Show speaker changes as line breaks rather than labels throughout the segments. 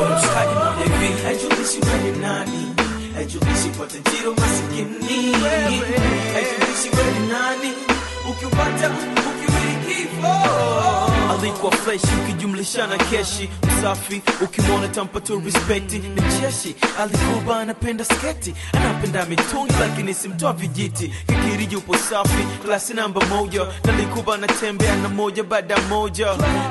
mkono mshikaji moja alikuwa freshi ukijumlishana keshi msafi ukimwona tampatia respect ni cheshi alikuba anapenda sketi anapenda mitungi lakini simtoa vijiti kikiriji upo safi klasi namba moja nalikuba anatembea na moja baada moja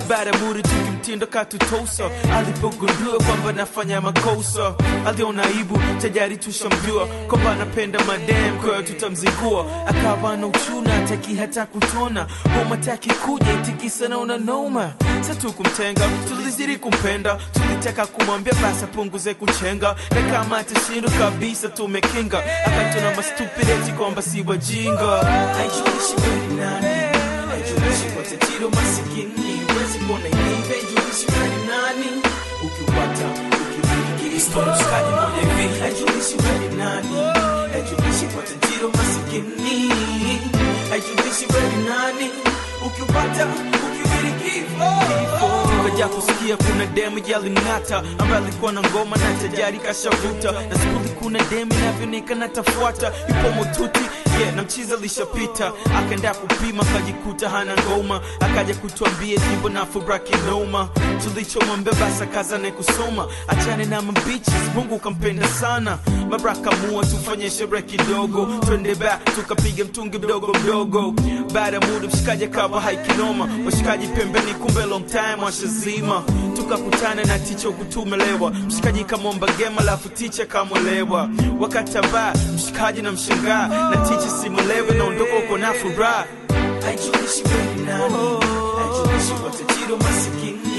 baada muri tukim mtindo katutosa, alipogundua kwamba nafanya makosa, aliona aibu, tayari tushamjua kwamba anapenda madem, kwa hiyo tutamzikua. Akawa na uchuna, hataki hata kutona, humataki kuja, itikisa na unanoma. Sa tukumtenga, tulizidi kumpenda, tulitaka kumwambia basi apunguze kuchenga, na kama atashindwa kabisa, tumekinga. Akatuna mastupideti kwamba si wajinga, haijulishi wewe nani, haijulishi kwa tatizo masikini, huwezi kuona ilivyo nani kusikia kuna demu yaling'ata ambaye alikuwa na ngoma na tajari kashavuta na skuli kuna demu inavyoonekana tafuata yupo mututi yeah, na mchiza lishapita akaenda kupima akajikuta hana ngoma akaja kutwambia jimbo na furakinoma tulichomwambeba sakaza na kusoma achane na mabichi Mungu kampenda sana mabrakamua mua tufanye sherehe kidogo twende ba tukapige mtungi mdogo mdogo baada ya muda mshikaji akawa haikiloma washikaji pembeni kumbe long time washazima tukakutana na ticha kutumelewa mshikaji kamomba gema lafu ticha kamwelewa wakati ambaa mshikaji na mshangaa na ticha simwelewe naondoka uko na furaha haijulishi bei nani haijulishi masikini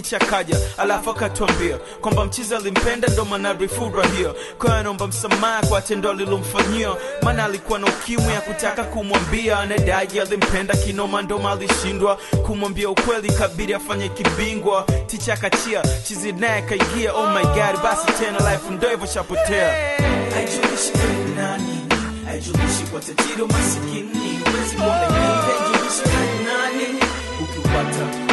ticha kaja, alafu akatuambia kwamba mchizi alimpenda, ndo maana alifura hiyo. Kwa anaomba msamaha kwa tendo alilomfanyia, maana alikuwa na ukimwi ya kutaka kumwambia, anadaji alimpenda kinoma, ndo alishindwa kumwambia ukweli, kabidi afanye kibingwa. Ticha akachia, chizi naye kaingia. Oh my god, basi tena life ndo hivyo shapotea, haijulishi kwa tajiri masikini, wezi mwona kwa nani ukiwata